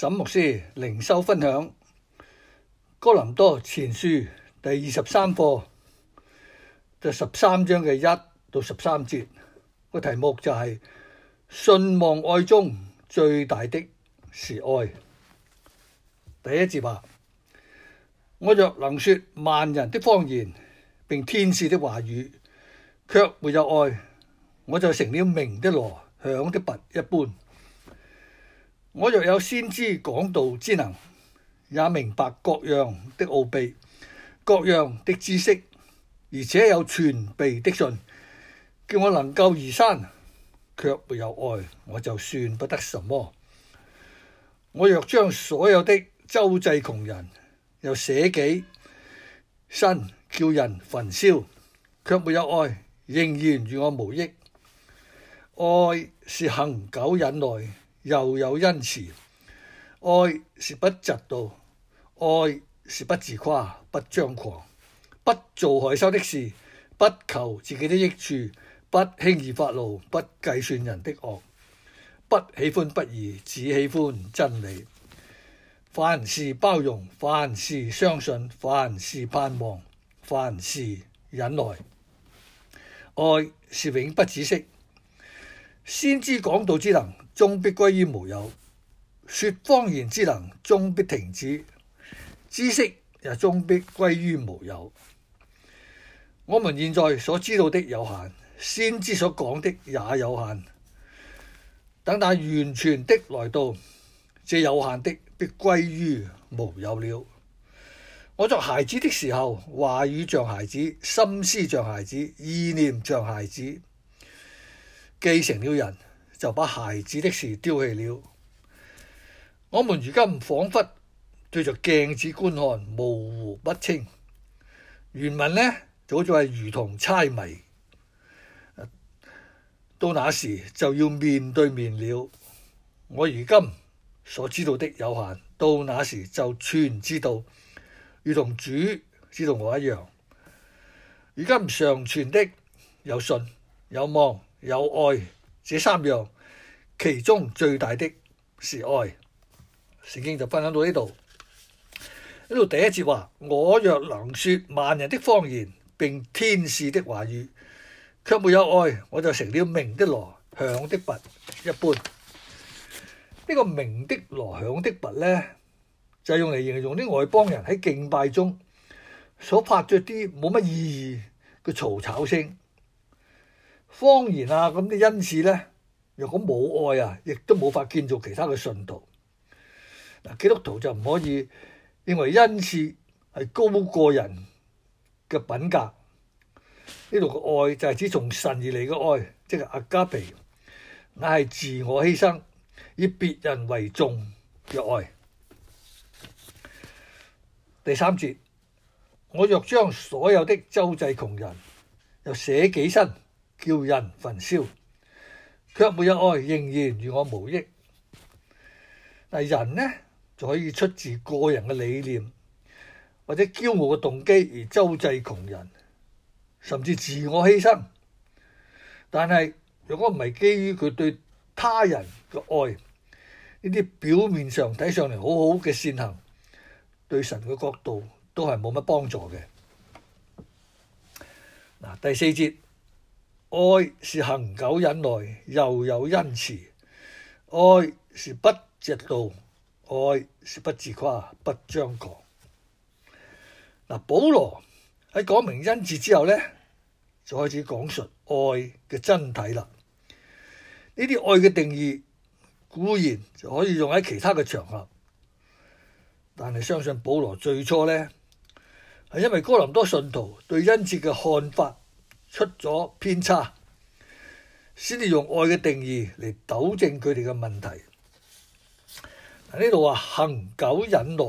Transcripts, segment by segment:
沈牧師靈修分享《哥林多前書》第二十三課，就十三章嘅一到十三節，個題目就係、是、信望愛中最大的是愛。第一節話：我若能說萬人的方言，並天使的話語，卻沒有愛，我就成了鳴的鑼、響的鈸一般。我若有先知講道之能，也明白各樣的奧秘、各樣的知識，而且有全備的信，叫我能夠移山，卻沒有愛，我就算不得什麼。我若將所有的周濟窮人，又捨己身叫人焚燒，卻沒有愛，仍然與我無益。愛是恆久忍耐。又有恩慈，愛是不嫉妒，愛是不自誇，不張狂，不做害羞的事，不求自己的益處，不輕易發怒，不計算人的惡，不喜歡不義，只喜歡真理。凡事包容，凡事相信，凡事盼望，凡事忍耐。愛是永不止息。先知講道之能，終必歸於無有；說方言之能，終必停止；知識也終必歸於無有。我們現在所知道的有限，先知所講的也有限。等待完全的來到，這有限的必歸於無有了。我作孩子的時候，話語像孩子，心思像孩子，意念像孩子。既成了人，就把孩子的事丟棄了。我們如今仿佛對着鏡子觀看，模糊不清。原文呢早就好係如同猜謎。到那時就要面對面了。我如今所知道的有限，到那時就全知道，如同主知道我一樣。如今常存的有信有望，有愛，這三樣其中最大的是愛。《聖經》就分享到呢度。呢度第一節話：我若能説萬人的方言並天使的話語，卻沒有愛，我就成了鳴的鑼，響的鈸一般。呢個鳴的鑼，響的鈸呢，就用嚟形容啲外邦人喺敬拜中所拍着啲冇乜意義嘅嘈吵，吵聲。方言啊！咁啲恩賜咧，若果冇愛啊，亦都冇法建造其他嘅信徒。嗱，基督徒就唔可以認為恩賜係高過人嘅品格。呢度嘅愛就係指從神而嚟嘅愛，即係阿加皮。那係自我犧牲，以別人為重嘅愛。第三節，我若將所有的賙濟窮人，又捨己身。叫人焚燒，卻沒有愛，仍然與我無益。嗱，人呢就可以出自個人嘅理念或者驕傲嘅動機而周濟窮人，甚至自我犧牲。但係，如果唔係基於佢對他人嘅愛，呢啲表面上睇上嚟好好嘅善行，對神嘅角度都係冇乜幫助嘅。嗱，第四節。愛是恆久忍耐，又有恩慈；愛是不嫉妒；愛是不自誇，不張狂。嗱，保羅喺講明恩慈之後呢，就開始講述愛嘅真諦啦。呢啲愛嘅定義固然就可以用喺其他嘅場合，但係相信保羅最初呢，係因為哥林多信徒對恩慈嘅看法出咗偏差，先至用愛嘅定義嚟糾正佢哋嘅問題。呢度話恒久忍耐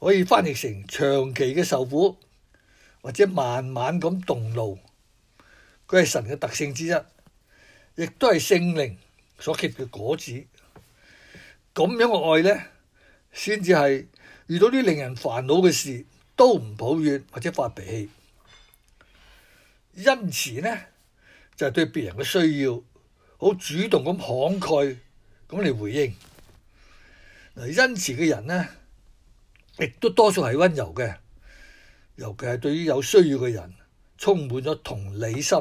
可以翻譯成長期嘅受苦或者慢慢咁動怒，佢係神嘅特性之一，亦都係聖靈所結嘅果子。咁樣嘅愛呢，先至係遇到啲令人煩惱嘅事都唔抱怨或者發脾氣。恩慈呢就係、是、對別人嘅需要好主動咁慷慨咁嚟回應嗱。恩慈嘅人呢亦都多數係溫柔嘅，尤其係對於有需要嘅人充滿咗同理心。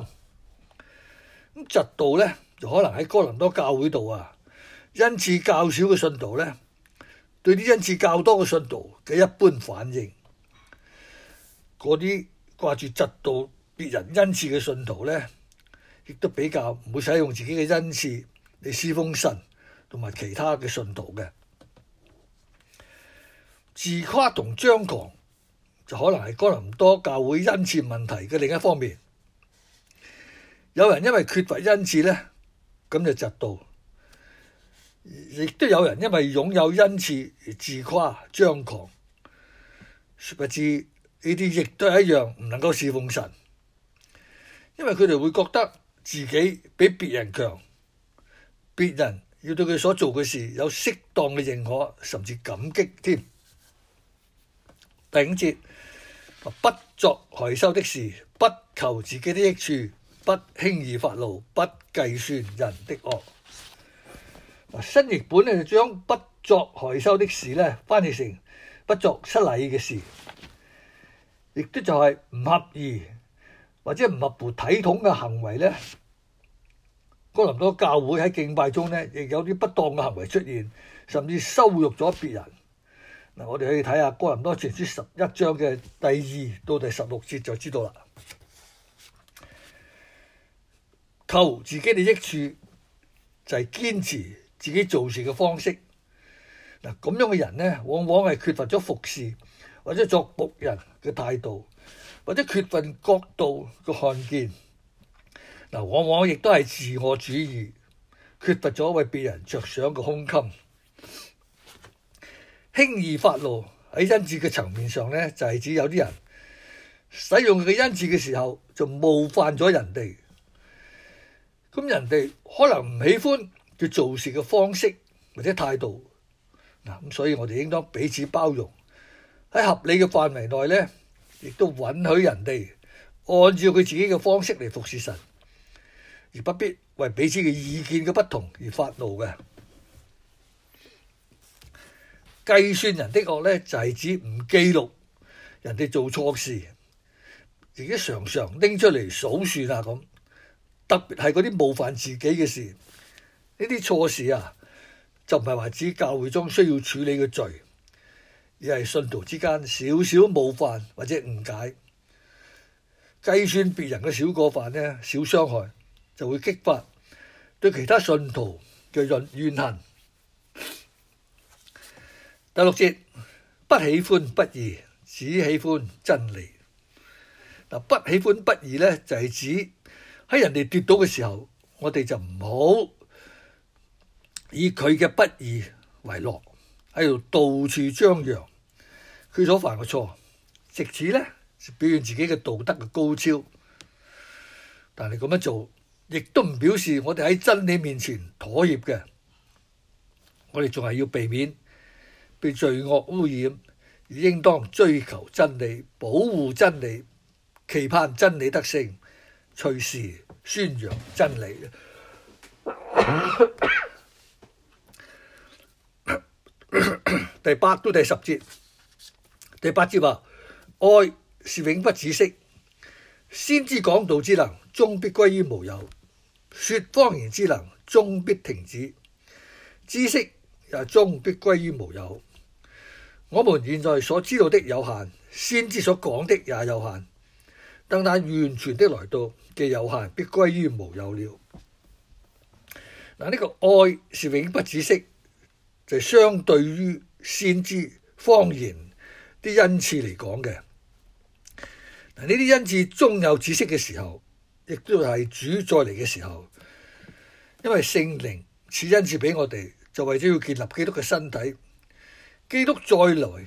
咁嫉妒呢就可能喺哥林多教會度啊，恩賜較少嘅信徒呢對啲恩賜較多嘅信徒嘅一般反應，嗰啲掛住嫉妒。別人恩賜嘅信徒咧，亦都比較唔會使用自己嘅恩賜嚟侍奉神同埋其他嘅信徒嘅。自誇同張狂，就可能係哥林多教會恩賜問題嘅另一方面。有人因為缺乏恩賜咧，咁就窒到；亦都有人因為擁有恩賜而自誇張狂，殊不知呢啲亦都係一樣唔能夠侍奉神。因為佢哋會覺得自己比別人強，別人要對佢所做嘅事有適當嘅認可，甚至感激添。第五節，不作害羞的事，不求自己的益處，不輕易發怒，不計算人的惡。新譯本呢就將不作害羞的事呢，翻譯成不作失禮嘅事，亦都就係唔合意，或者唔合乎體統嘅行為咧，哥林多教會喺敬拜中呢，亦有啲不當嘅行為出現，甚至羞辱咗別人。嗱，我哋可以睇下哥林多前書十一章嘅第二到第十六節就知道啦。求自己嘅益處就係堅持自己做事嘅方式。嗱，咁樣嘅人呢，往往係缺乏咗服侍或者作僕人嘅態度。或者缺乏角度嘅看見，嗱，往往亦都係自我主義，缺乏咗為別人着想嘅胸襟。輕易發怒喺恩賜嘅層面上呢，就係指有啲人使用佢嘅恩賜嘅時候，就冒犯咗人哋。咁人哋可能唔喜歡佢做事嘅方式或者態度，嗱咁，所以我哋應該彼此包容喺合理嘅範圍內呢。亦都允許人哋按照佢自己嘅方式嚟服侍神，而不必為彼此嘅意見嘅不同而發怒嘅。計算人的惡呢，就係指唔記錄人哋做錯事，自己常常拎出嚟數算啊咁。特別係嗰啲冒犯自己嘅事，呢啲錯事啊，就唔係話指教會中需要處理嘅罪。而係信徒之間少少冒犯或者誤解，計算別人嘅小過犯呢，小傷害，就會激發對其他信徒嘅怨恨。第六節，不喜歡不義，只喜歡真理。嗱，不喜歡不義呢，就係指喺人哋跌倒嘅時候，我哋就唔好以佢嘅不義為樂。喺度到處張揚，佢所犯嘅錯，直至咧表現自己嘅道德嘅高超，但係咁樣做亦都唔表示我哋喺真理面前妥協嘅，我哋仲係要避免被罪惡污染，而應當追求真理、保護真理、期盼真理得勝，隨時宣揚真理。 第八到第十節，第八節啊，愛是永不止息，先知講道之能終必歸於無有，說方言之能終必停止，知識也終必歸於無有。我們現在所知道的有限，先知所講的也有限，但那完全的來到嘅有限，必歸於無有了。嗱，呢個愛是永不止息，就是相對於。先知方言啲恩賜嚟講嘅，嗱呢啲恩賜終有止息嘅時候，亦都係主再嚟嘅時候，因為聖靈賜恩賜俾我哋，就為咗要建立基督嘅身體。基督再來，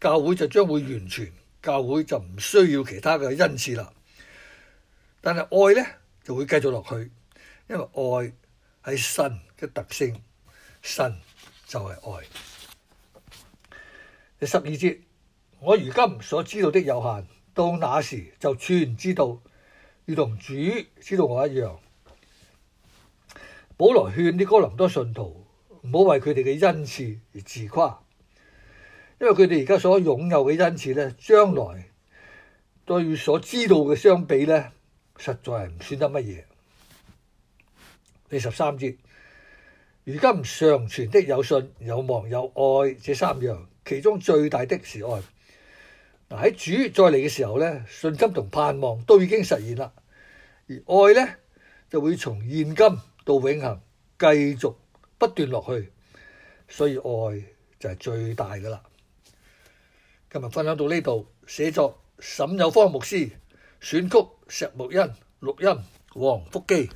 教會就將會完全，教會就唔需要其他嘅恩賜啦。但係愛咧就會繼續落去，因為愛係神嘅特性，神就係愛。第十二節，我如今所知道的有限，到那時就全知道，如同主知道我一樣。保羅勸啲哥林多信徒唔好為佢哋嘅恩賜而自誇，因為佢哋而家所擁有嘅恩賜咧，將來對於所知道嘅相比咧，實在係唔算得乜嘢。第十三節，如今尚存的有信、有望、有愛這三樣。其中最大的是愛。嗱，喺主再嚟嘅時候呢，信心同盼望都已經實現啦，而愛呢，就會從現今到永恆繼續不斷落去，所以愛就係最大噶啦。今日分享到呢度，寫作沈有方牧師，選曲石木恩，錄音黃福基。